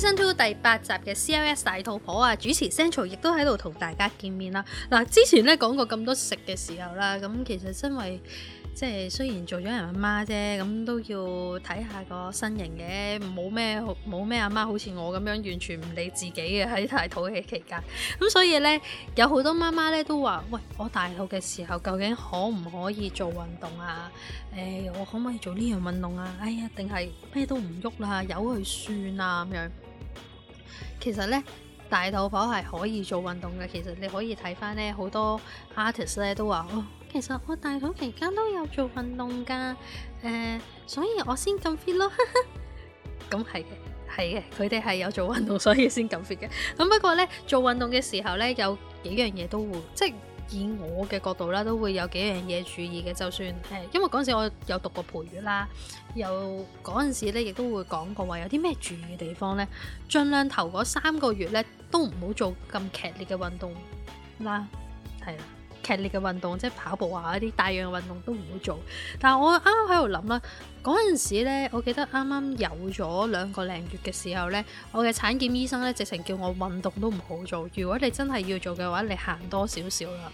《新 two》第八集嘅 COS 大肚婆啊，主持 Central 亦都喺度同大家見面啦。嗱，之前咧講過咁多食嘅時候啦，咁其實因為即係雖然做咗人阿媽啫，咁都要睇下個身形嘅，冇咩冇咩阿媽好似我咁樣完全唔理自己嘅喺大肚嘅期間，咁所以咧有好多媽媽咧都話：喂，我大肚嘅時候究竟可唔可以做運動啊？誒、欸，我可唔可以做呢樣運動啊？哎呀，定係咩都唔喐啦，由佢算啊咁樣。其實咧，大肚婆係可以做運動嘅。其實你可以睇翻咧，好多 artist 咧都話：哦，其實我大肚期間都有做運動㗎。誒、呃，所以我先咁 fit 咯。咁係嘅，係嘅，佢哋係有做運動，所以先咁 fit 嘅。咁、 嗯、不過咧，做運動嘅時候咧，有幾樣嘢都會即係。以我嘅角度啦，都會有幾樣嘢注意嘅。就算誒，因為嗰陣時我有讀過陪月啦，有嗰陣時咧，亦都會講過話有啲咩注意嘅地方咧，儘量頭嗰三個月咧都唔好做咁劇烈嘅運動啦，係啦。劇烈嘅運動，即係跑步啊，啲帶氧嘅運動都唔好做。但係我啱啱喺度諗啦，嗰陣時呢，我記得啱啱有咗兩個零月嘅時候呢，我嘅產檢醫生呢直情，叫我運動都唔好做。如果你真係要做嘅話，你行多少少啦。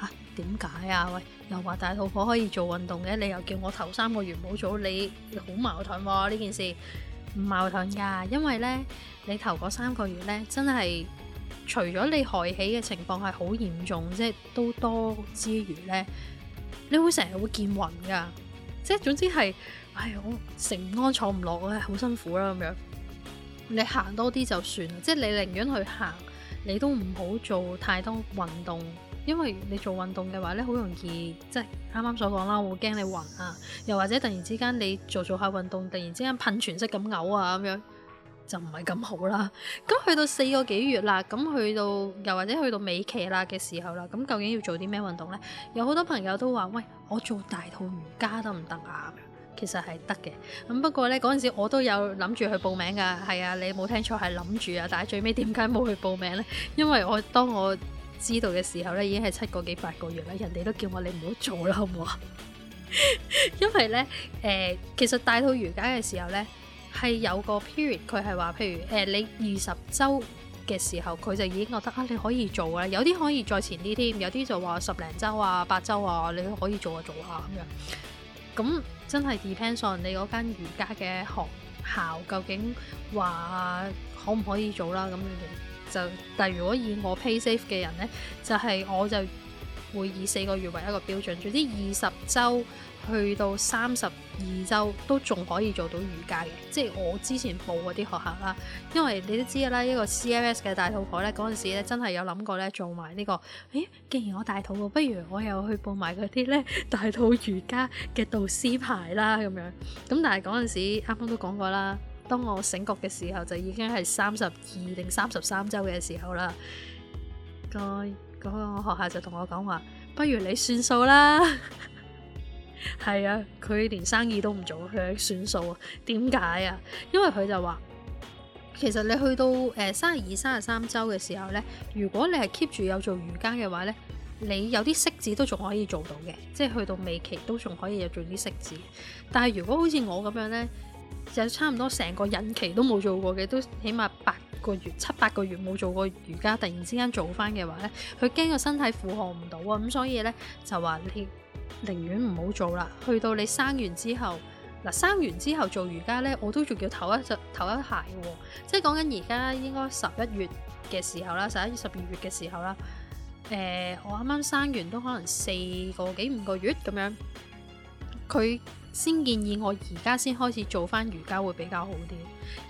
吓，點解啊？喂，又話大肚婆可以做運動嘅，你又叫我頭三個月唔好做，你好矛盾喎？呢件事唔矛盾噶，因為呢，你頭嗰三個月呢，真係。除咗你害喜嘅情況係好嚴重，即係都多之餘呢，你會成日會見暈噶，即係總之係，唉、哎，我成唔安坐唔落啊，好、哎、辛苦啦咁樣。你行多啲就算啦，即係你寧願去行，你都唔好做太多運動，因為你做運動嘅話呢，好容易即係啱啱所講啦，我會驚你暈啊，又或者突然之間你做做下運動，突然之間噴泉式咁嘔啊咁樣。就唔係咁好啦。咁去到四個幾月啦，咁去到又或者去到尾期啦嘅時候啦，咁究竟要做啲咩運動呢？有好多朋友都話：，喂，我做大肚瑜伽得唔得啊？其實係得嘅。咁不過呢，嗰陣時我都有諗住去報名噶，係啊，你冇聽錯，係諗住啊。但係最尾點解冇去報名呢？因為我當我知道嘅時候呢，已經係七個幾八個月啦。人哋都叫我你唔好做啦，好唔好 因為呢，誒、呃，其實大肚瑜伽嘅時候呢。係有個 period，佢係話，譬如誒、呃，你二十週嘅時候，佢就已經覺得啊，你可以做啊。有啲可以再前啲添，有啲就話十零週啊、八週啊，你都可以做啊、做下咁樣。咁真係 depend on 你嗰間瑜伽嘅學校究竟話可唔可以做啦，咁就但係如果以我 pay safe 嘅人呢，就係、係、我就會以四個月為一個標準，總之二十週。去到三十二周都仲可以做到瑜伽嘅，即係我之前報嗰啲學校啦。因為你都知啦，一、這個 c m s 嘅大肚婆咧，嗰陣時咧真係有諗過咧做埋呢、這個。咦，既然我大肚婆，不如我又去報埋嗰啲咧大肚瑜伽嘅導師牌啦咁樣。咁但係嗰陣時啱啱都講過啦，當我醒覺嘅時候就已經係三十二定三十三周嘅時候啦。個、那、嗰個學校就同我講話，不如你算數啦。係啊，佢連生意都唔做，佢係算數啊？點解啊？因為佢就話，其實你去到誒三十二、三十三周嘅時候呢，如果你係 keep 住有做瑜伽嘅話呢，你有啲式子都仲可以做到嘅，即係去到尾期都仲可以有做啲式子。但係如果好似我咁樣呢，就差唔多成個孕期都冇做過嘅，都起碼八個月、七八個月冇做過瑜伽，突然之間做翻嘅話呢，佢驚個身體負荷唔到啊，咁所以呢，就話你。寧願唔好做啦，去到你生完之後，嗱、啊、生完之後做瑜伽呢，我都仲要唞一頭一鞋喎，即係講緊而家應該十一月嘅時候啦，十一月、十二月嘅時候啦，誒、呃、我啱啱生完都可能四個幾五個月咁樣，佢先建議我而家先開始做翻瑜伽會比較好啲，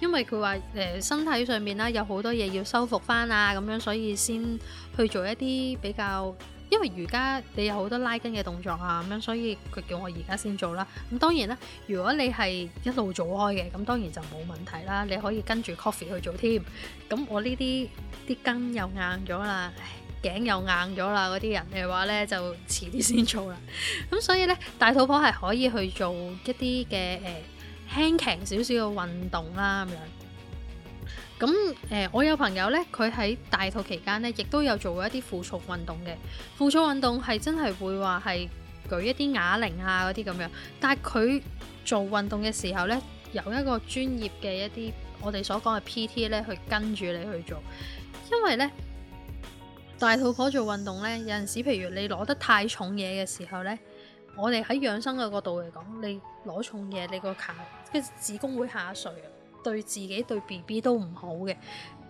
因為佢話誒身體上面啦有好多嘢要修復翻啊咁樣，所以先去做一啲比較。因為而家你有好多拉筋嘅動作啊，咁樣，所以佢叫我而家先做啦。咁當然啦，如果你係一路做開嘅，咁當然就冇問題啦。你可以跟住 coffee 去做添。咁我呢啲啲筋又硬咗啦，頸又硬咗啦，嗰啲人嘅話呢就遲啲先做啦。咁所以呢，大肚婆係可以去做一啲嘅誒，輕強少少嘅運動啦，咁樣。咁誒、呃，我有朋友呢，佢喺大肚期間呢，亦都有做過一啲負重運動嘅。負重運動係真係會話係舉一啲啞鈴啊嗰啲咁樣。但係佢做運動嘅時候呢，有一個專業嘅一啲我哋所講嘅 PT 呢，去跟住你去做。因為呢，大肚婆做運動呢，有陣時譬如你攞得太重嘢嘅時候呢，我哋喺養生嘅角度嚟講，你攞重嘢，你個卡，即係子宮會下垂。對自己對 BB 都唔好嘅，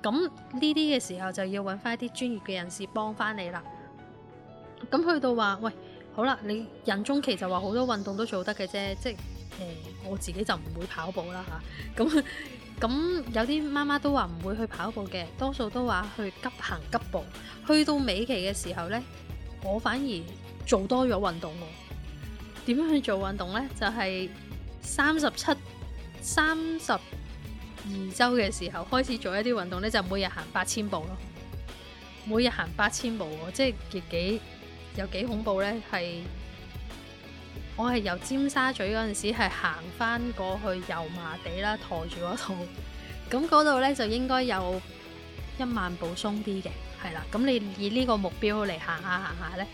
咁呢啲嘅時候就要揾翻一啲專業嘅人士幫翻你啦。咁去到話，喂，好啦，你孕中期就話好多運動都做得嘅啫，即係、呃、我自己就唔會跑步啦嚇。咁、啊、咁有啲媽媽都話唔會去跑步嘅，多數都話去急行急步。去到尾期嘅時候呢，我反而做多咗運動喎。點樣去做運動呢？就係三十七、三十。二周嘅時候，開始做一啲運動呢，就每日行八千步咯。每日行八千步，即係幾幾有幾恐怖呢？係我係由尖沙咀嗰陣時係行翻過去油麻地啦，駛住嗰度。咁嗰度呢，就應該有一萬步鬆啲嘅，係啦。咁你以呢個目標嚟行下行下呢，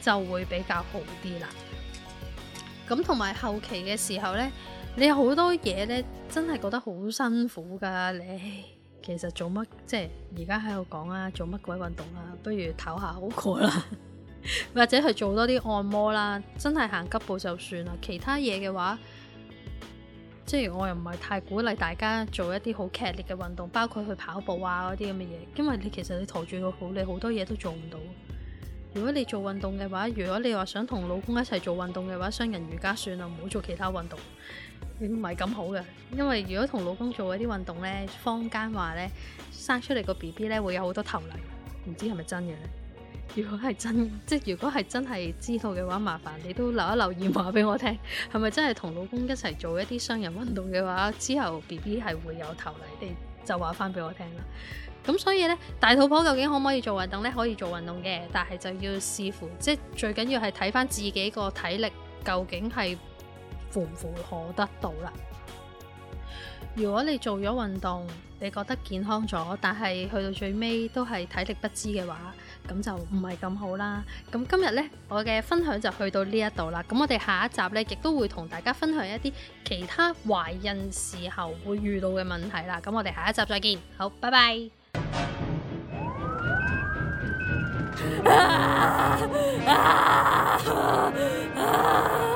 就會比較好啲啦。咁同埋後期嘅時候呢，你有好多嘢呢真係覺得好辛苦噶。你其實做乜？即係而家喺度講啊，做乜鬼運動啊？不如唞下好過啦， 或者去做多啲按摩啦。真係行急步就算啦，其他嘢嘅話，即係我又唔係太鼓勵大家做一啲好劇烈嘅運動，包括去跑步啊嗰啲咁嘅嘢，因為你其實你陀住個好，你好多嘢都做唔到。如果你做運動嘅話，如果你話想同老公一齊做運動嘅話，雙人瑜伽算啦，唔好做其他運動，你唔係咁好嘅。因為如果同老公做一啲運動呢，坊間話呢，生出嚟個 B B 呢，會有好多頭暈，唔知係咪真嘅呢？如果係真，即係如果係真係知道嘅話，麻煩你都留一留言話俾我聽，係咪真係同老公一齊做一啲雙人運動嘅話，之後 BB 係會有頭嚟？你就話翻俾我聽啦。咁所以呢，大肚婆究竟可唔可以做運動呢？可以做運動嘅，但係就要視乎，即係最緊要係睇翻自己個體力究竟係符唔符合得到啦。如果你做咗運動，你覺得健康咗，但係去到最尾都係體力不支嘅話，咁就唔係咁好啦。咁今日呢，我嘅分享就去到呢一度啦。咁我哋下一集呢，亦都會同大家分享一啲其他懷孕時候會遇到嘅問題啦。咁我哋下一集再見，好，拜拜。啊啊啊啊